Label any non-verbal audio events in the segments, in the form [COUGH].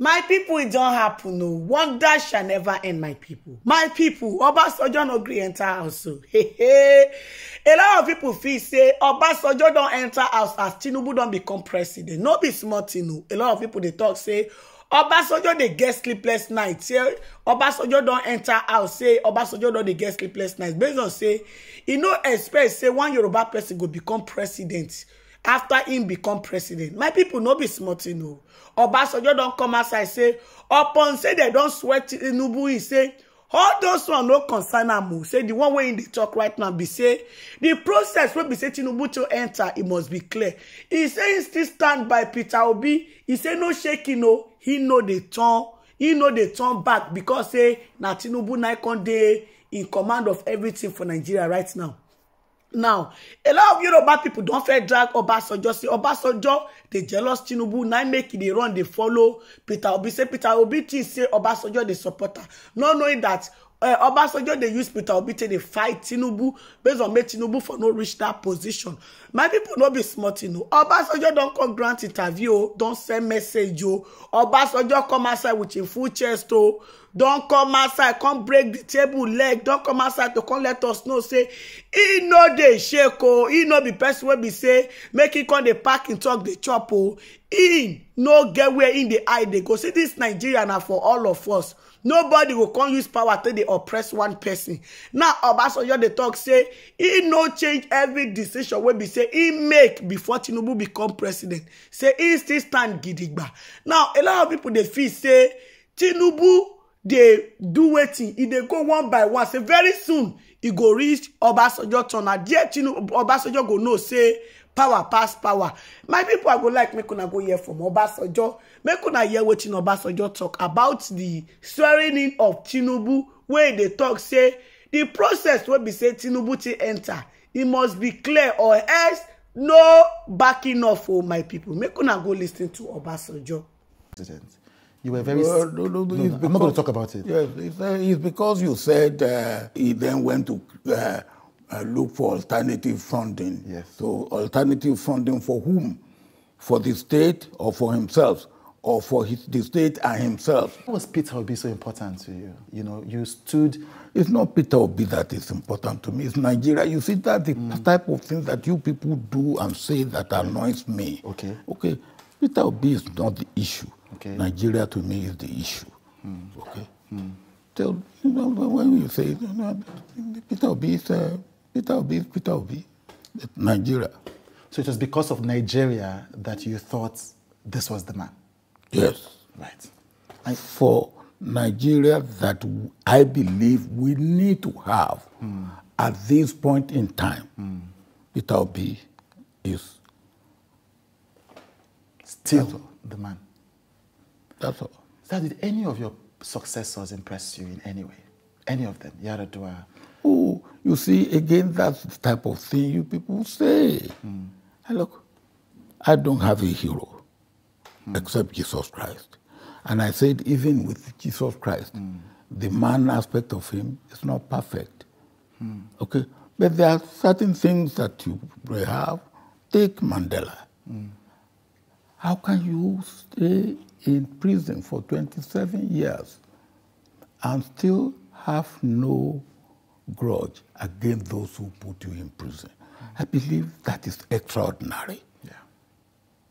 my people, it don't happen o wonder shall never end my people. my people, obasanjo no gree enter house o oh. a lot of people feel say obasanjo don't enter house as tinubu don't become president no be smart tin o a lot of people they talk say obasanjo dey get sleepless night say obasanjo don't enter house say obasanjo don't dey get sleepless night based on say e no expect say one yoruba person go become president after him become president my people no be small tin o oh. obasanjo don't come outside say upon say they don't sweat tinubu He say all those one no concern amu. Oh. say the one wey in the talk right now be say the process will be say tinubu to enter. It must be clear He say im still stand by peter obi He say no shaking o oh. he no dey turn he no dey turn back because say na tinubu naikon dey in command of everything for nigeria right now now a lot of yoruba people don fair drag obasanjo say obasanjo dey jealous tinubu na make e dey run dey follow peter obi say peter obi tins say obasanjo dey support am not knowing that uh, Obasanjo dey use Peter Obi take dey fight Tinubu based on make Tinubu for no reach that position. My people no be smart, you know. Obasanjo don come grant interview, oh, don send message, oh. Obasanjo come outside with him full chest, oh. Don come outside, come break the table leg. Don come outside to come let us know, say, he no dey shake, oh. He no be person wey be say, make him come dey park and talk dey chop, oh. He no get where in the eye dey go. See, this Nigeria na for all of us nobody will come use power till they oppress one person now obasanjo dey talk say he no change every decision wey be say he make before tinubu become president say he still stand gidigba now a lot of people they feel say tinubu they do wetin e dey go one by one say very soon he go reach obasanjo turn Now dear tinubu obasanjo go know say power pass power my people i go like make una go hear from obasanjo make una hear wetin obasanjo talk about the swearing in of tinubu Where they talk say the process will be say tinubu to enter. It must be clear or else no backing off for oh, my people. make una go listen to to President, You were very. Well, no, no, no, no, because, I'm not going to talk about it. Yes, it's, uh, it's because you said uh, he then went to uh, uh, look for alternative funding. Yes. So alternative funding for whom? For the state or for himself? Or for his, the state and himself. Why was Peter Obi so important to you? You know, you stood... It's not Peter Obi that is important to me. It's Nigeria. You see, that the mm. type of things that you people do and say that annoys me. Okay. Okay. Peter Obi is not the issue. Okay. Nigeria to me is the issue. Mm. Okay. Mm. Tell, you know, when you say, you know, Peter Obi is... Uh, Peter Obi, Peter Obi, Nigeria. So it was because of Nigeria that you thought this was the man? Yes. Right. I, For Nigeria that I believe we need to have mm. at this point in time, mm. Peter Obi is still the man. That's all. So did any of your successors impress you in any way? Any of them? Yaradua? Oh, you see, again, that's the type of thing you people say. Mm. And look, I don't have a hero mm. except Jesus Christ. And I said, even with Jesus Christ, mm. the man aspect of him is not perfect. Hmm. Okay? But there are certain things that you may have. Take Mandela. Hmm. How can you stay in prison for 27 years and still have no grudge against those who put you in prison. I believe that is extraordinary. Yeah.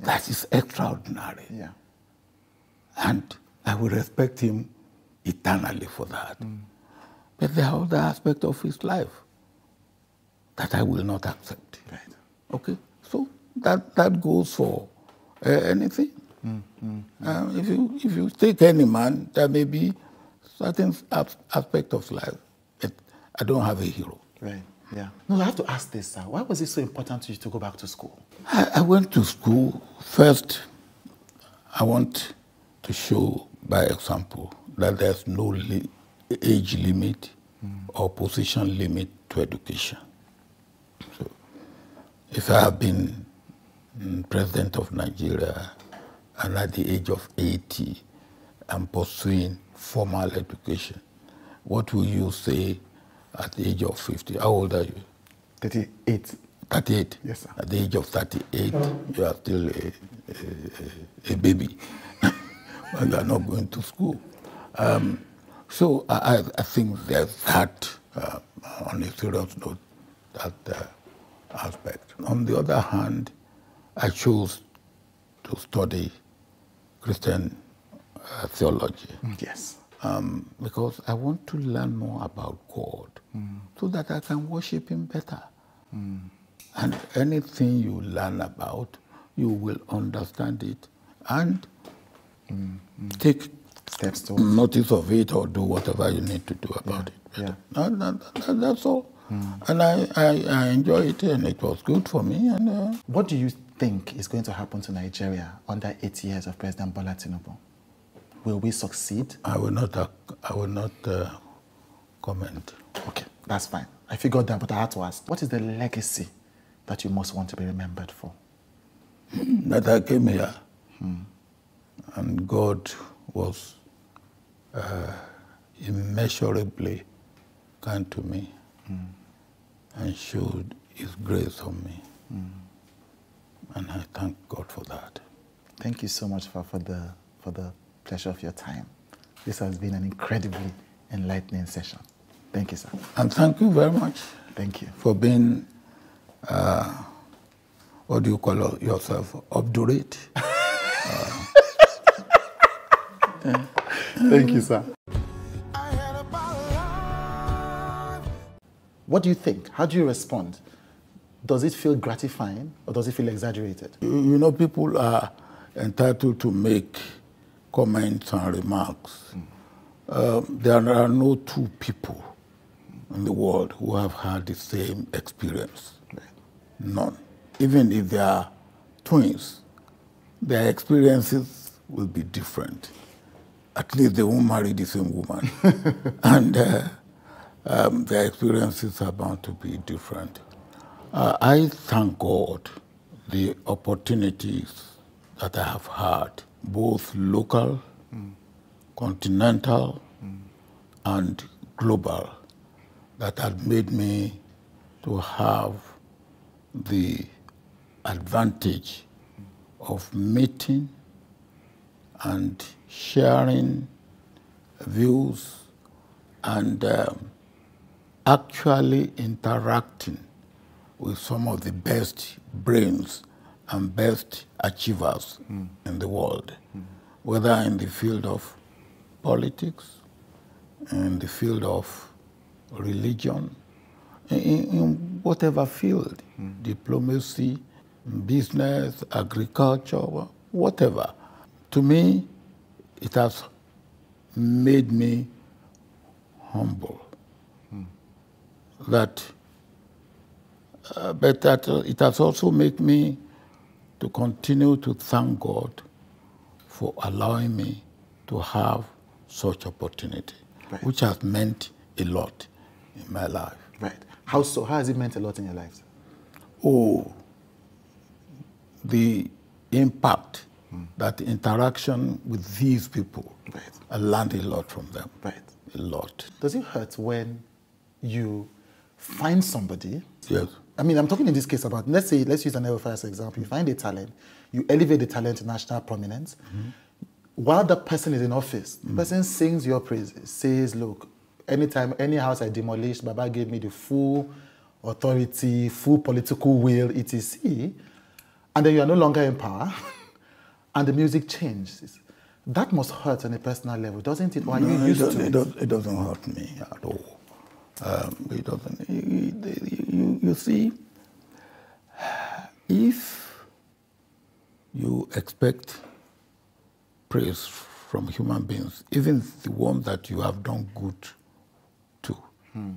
That is extraordinary. Yeah. And I will respect him eternally for that. Mm. But there are other aspects of his life that I will not accept. Right. Okay? So that, that goes for uh, anything. Mm, mm, um, if, you, if you take any man, there may be certain aspects of life I don't have a hero. Right. Yeah. No, I have to ask this, sir. Why was it so important to you to go back to school? I, I went to school first. I want to show by example that there's no li age limit mm. or position limit to education. So, if I have been mm, president of Nigeria and at the age of 80, I'm pursuing formal education, what will you say at the age of 50. How old are you? 38. 38? Yes, sir. At the age of 38, you are still a, a, a baby. [COUGHS] and you are not going to school. Um, so I, I think there's that, uh, on a serious note, that uh, aspect. On the other hand, I chose to study Christian uh, theology. Yes. Um, because I want to learn more about God mm. so that I can worship Him better. Mm. And anything you learn about, you will understand it and mm. take steps to notice of it or do whatever you need to do about yeah. it. Yeah. that's all. And I, I, I enjoy it and it was good for me. And uh, What do you think is going to happen to Nigeria under eight years of President Bola Tinubu? Will we succeed? I will not, uh, I will not uh, comment. Okay, that's fine. I figured that, but I had to ask. What is the legacy that you most want to be remembered for? [CLEARS THROAT] that I came here hmm. and God was uh, immeasurably kind to me and showed his grace on me. Mm. And I thank God for that. Thank you so much for, for, the, for the pleasure of your time. This has been an incredibly enlightening session. Thank you, sir. And thank you very much. Thank you. For being, uh, what do you call yourself, obdurate. [LAUGHS] uh, Thank you, sir. What do you think? How do you respond? Does it feel gratifying or does it feel exaggerated? you know, people are entitled to make comments and remarks. Uh, there are no two people in the world who have had the same experience. None. Even if they are twins, their experiences will be different. At least they won't marry the same woman. [LAUGHS] and uh, um, their experiences are bound to be different. Uh, I thank God the opportunities that I have had both local, mm. continental, mm. and global that had made me to have the advantage of meeting and sharing views and um, actually interacting with some of the best brains and best achievers mm. in the world, mm. whether in the field of politics, in the field of religion, in, in whatever field, mm. diplomacy, business, agriculture, whatever. To me, it has made me humble. That, uh, but that uh, it has also made me to continue to thank God for allowing me to have such opportunity, right. which has meant a lot in my life. Right. How so? How has it meant a lot in your lives? Oh, the impact mm. that interaction with these people, right. I learned a lot from them. Right. A lot. Does it hurt when you find somebody yes. I mean, I'm talking in this case about, let's say, let's use an LFI as an example. You find a talent, you elevate the talent to national prominence. Mm-hmm. While that person is in office, mm-hmm. person sings your praises, says, look, anytime, any house I demolished, Baba gave me the full authority, full political will, etc. And then you are no longer in power, [LAUGHS] and the music changes. That must hurt on a personal level, doesn't it? Why no, you used it, to it? it doesn't hurt me at all. Um, he doesn't. You, you, you see, if you expect praise from human beings, even the one that you have done good to, hmm.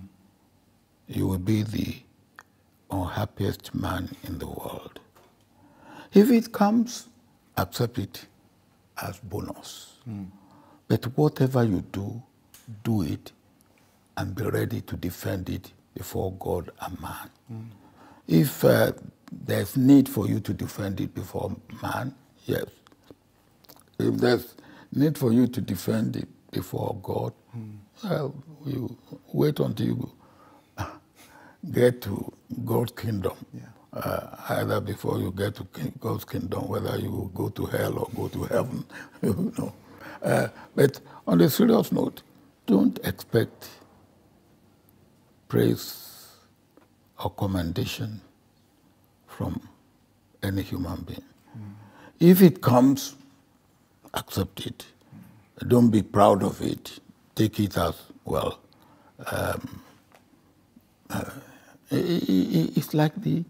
you will be the unhappiest man in the world. If it comes, accept it as bonus. Hmm. But whatever you do, do it and be ready to defend it before God and man. Mm. If uh, there's need for you to defend it before man, yes. If there's need for you to defend it before God, mm. well, you wait until you get to God's kingdom. Yeah. Uh, either before you get to God's kingdom, whether you go to hell or go to heaven, [LAUGHS] you know. Uh, but on a serious note, don't expect praise or commendation from any human being. Mm. If it comes, accept it. Mm. Don't be proud of it. Take it as, well, um, uh, it's like the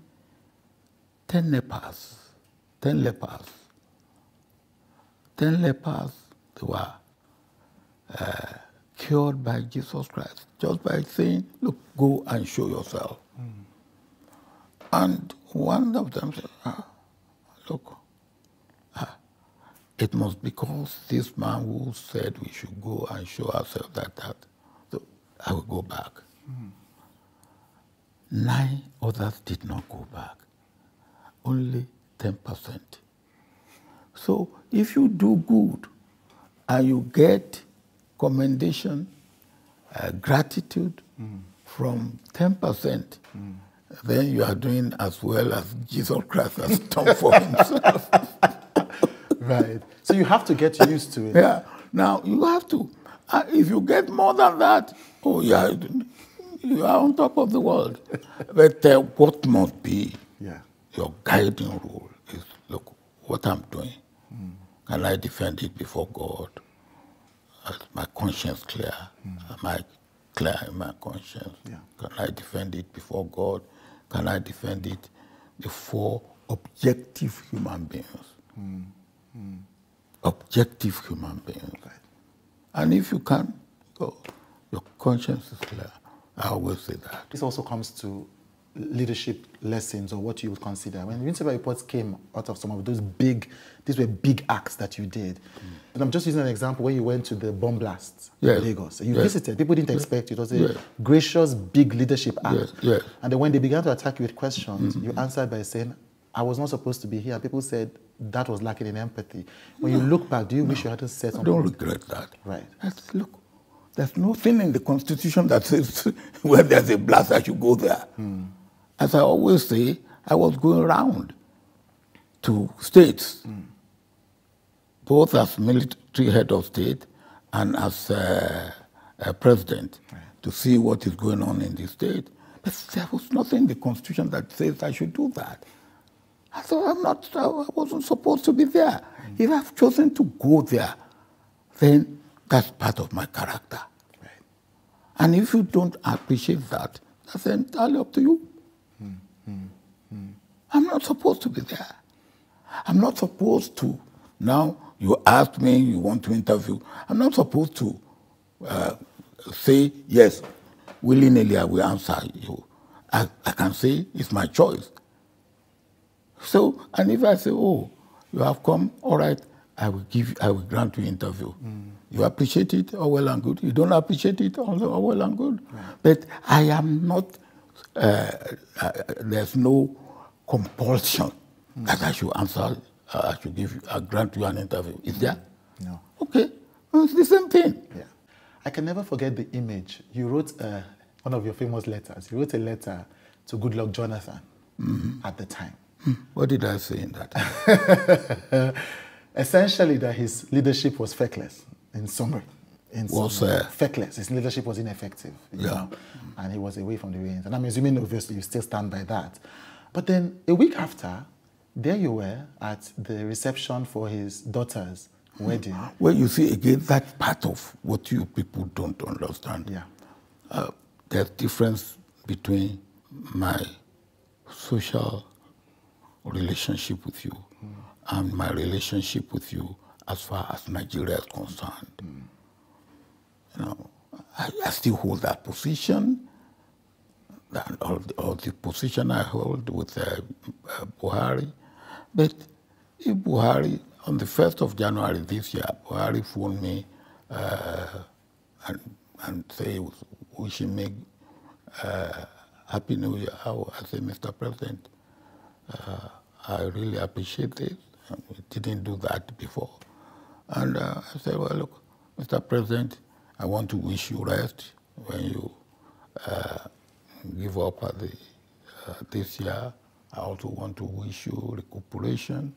ten lepers. Ten lepers. Ten lepers, they were uh, cured by Jesus Christ just by saying, Look, go and show yourself. Mm. And one of them said, ah, Look, ah, it must be because this man who said we should go and show ourselves like that, so I will go back. Mm. Nine others did not go back, only 10%. So if you do good and you get commendation, uh, gratitude mm. from 10%, mm. then you are doing as well as Jesus Christ has [LAUGHS] done for himself. right. So you have to get used to it. Yeah. Now, you have to. Uh, if you get more than that, oh, yeah, you are on top of the world. but uh, what must be yeah. your guiding rule is look, what I'm doing, mm. can I defend it before God? my conscience clear. Mm. Am I clear in my conscience? Yeah. Can I defend it before God? Can I defend it before objective human beings? Mm. Mm. Objective human beings. Right. And if you can, go. Your conscience is clear. I always say that. This also comes to leadership lessons or what you would consider? When the Municipal Reports came out of some of those big, these were big acts that you did. Mm. I'm just using an example where you went to the bomb blast in Lagos. You visited, people didn't expect you. It was a gracious, big leadership act. And then when they began to attack you with questions, mm -hmm. you answered by saying, I was not supposed to be here. People said that was lacking in empathy. When no. you look back, do you no. wish you had said something? I don't regret that. Right. That's, look, there's nothing in the Constitution that [LAUGHS] says [LAUGHS] where there's a blast, I should go there. Mm as I always say, I was going around to states, mm. both as military head of state and as uh, a president, right. to see what is going on in the state. But there was nothing in the constitution that says I should do that. I thought I'm not, I wasn't supposed to be there. Mm. If I've chosen to go there, then that's part of my character. Right. And if you don't appreciate that, that's entirely up to you. Hmm. I'm not supposed to be there. I'm not supposed to. Now you ask me, you want to interview. I'm not supposed to uh, say, yes, willy-nilly I will answer you. I, I can say it's my choice. So, and if I say, oh, you have come, all right, I will give, I will grant you interview. Mm. You appreciate it, all well and good. You don't appreciate it, all well and good. Right. Hmm. But I am not Uh, uh, uh, there's no compulsion mm. that I should answer, uh, I should give, I uh, grant you an interview. Is there? No. Okay, well, mm, it's the same thing. Yeah. I can never forget the image. You wrote uh, one of your famous letters. You wrote a letter to Goodluck Jonathan mm -hmm. at the time. Hmm. What did I say in that? [LAUGHS] Essentially, that his leadership was feckless, in summary in some was, uh, feckless. His leadership was ineffective. yeah. Know, and he was away from the reins. And I'm assuming, obviously, you still stand by that. But then a week after, there you were at the reception for his daughter's wedding. Well, you see, again, that part of what you people don't understand. Yeah. Uh, there's difference between my social relationship with you mm. and my relationship with you as far as Nigeria is concerned. Mm. you know, I, I still hold that position. That, all the position I hold with uh, uh, Buhari. But if Buhari, on the 1st of January this year, Buhari phoned me uh, and, and say, wishing me uh, Happy New Year. I say, Mr. President, uh, I really appreciate this. We didn't do that before. And uh, I said, well, look, Mr. President, I want to wish you rest when you uh, give up at the, uh, this year. I also want to wish you recuperation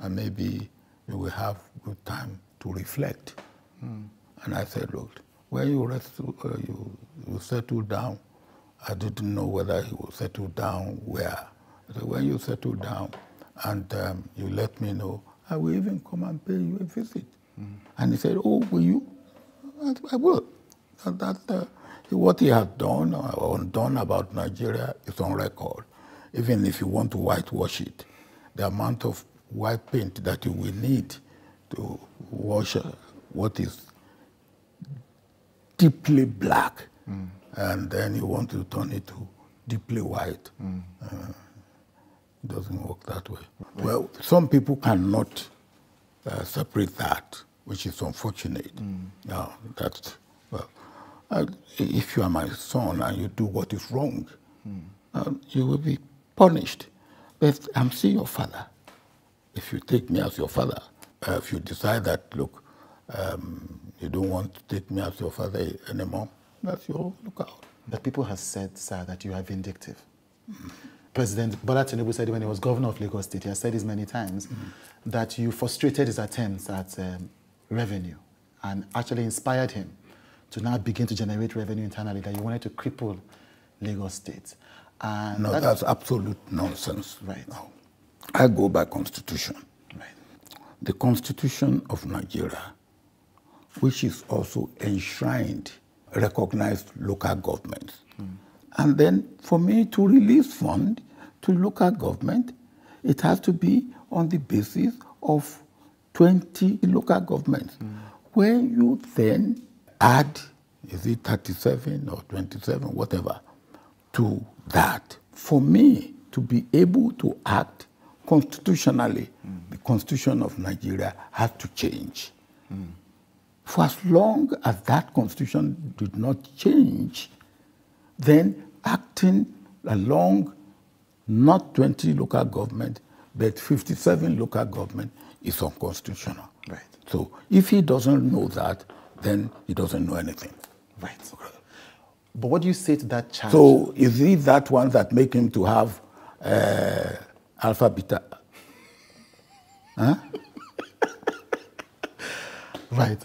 and maybe you will have good time to reflect. Mm. And I said, look, when you rest, uh, you, you settle down. I didn't know whether he will settle down where. So when you settle down and um, you let me know, I will even come and pay you a visit. Mm. And he said, oh, will you? I would. And that uh, what he has done uh, or done about Nigeria is on record. Even if you want to whitewash it, the amount of white paint that you will need to wash uh, what is deeply black, mm. and then you want to turn it to deeply white. Mm. Uh, doesn't work that way. Well, some people cannot uh, separate that. which is unfortunate. Mm. Now, that, well, uh, if you are my son and you do what is wrong, mm. Um, you will be punished. But I'm still your father. If you take me as your father, uh, if you decide that, look, um, you don't want to take me as your father anymore, that's your look out. But people have said, sir, that you are vindictive. Mm. President Bola Tinubu said when he was governor of Lagos State, he has said this many times, mm. that you frustrated his attempts at um, revenue and actually inspired him to now begin to generate revenue internally that you wanted to cripple Lagos State. And no, that that's absolute nonsense. Right. No. I go by constitution. Right. The constitution of Nigeria, which is also enshrined, recognized local governments. Mm. And then for me to release fund to local government, it has to be on the basis of 20 local governments. Mm. When you then add, is it 37 or 27, whatever, to that, for me to be able to act constitutionally, mm. the constitution of Nigeria has to change. Mm. For as long as that constitution did not change, then acting along not 20 local government, but 57 local government is unconstitutional. Right. So if he doesn't know that, then he doesn't know anything. Right. Okay. But what do you say to that child? So is it that one that make him to have uh, alpha beta? Huh? [LAUGHS] right.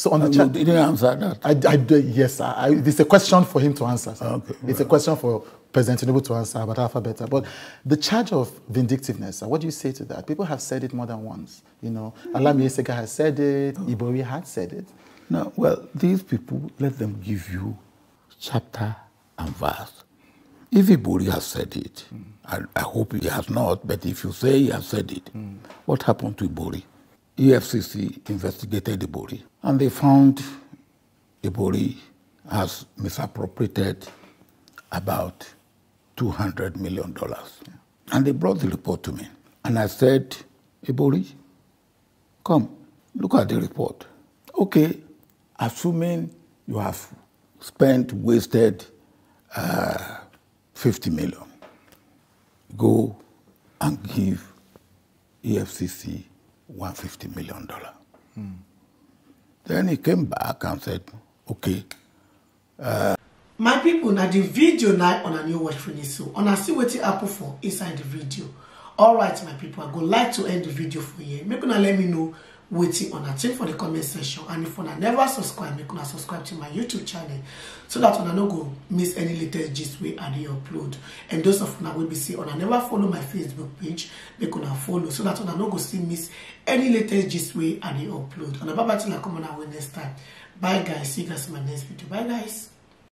So on the uh, chat, you didn't answer that. I, I, yes, I, I, it's a question for him to answer. Sir. Ah, okay, it's right. a question for President Tinubu to answer about Alpha Beta. But the charge of vindictiveness, uh, what do you say to that? People have said it more than once. You know, mm. Alami Esega has said it. Oh. Ibori had said it. Now, well, these people let them give you chapter and verse. If Ibori has said it, mm. I, I hope he has not. But if you say he has said it, mm. what happened to Ibori? EFCC investigated Ibori and they found Ibori has misappropriated about $200 million. And they brought the report to me. And I said, Ibori, come, look at the report. Okay, assuming you have spent, wasted uh, 50 million, go and give EFCC $150 million. Mm. Then he came back and said, okay. Uh, my people, now the video na on a new watch finish so on a see wetin happen for inside the video All right, my people, i go like to end the video for you. make una let me know Waiting on una think for the comment section and if una never subscribe make una subscribe to my youtube channel so that you don't go miss any latest gist we i the upload and those of you wey be say una never follow my facebook page make una follow so that you don't go see miss any latest gist we i the upload and ababa till i come on our next time bye guys see you guys in my next video bye guys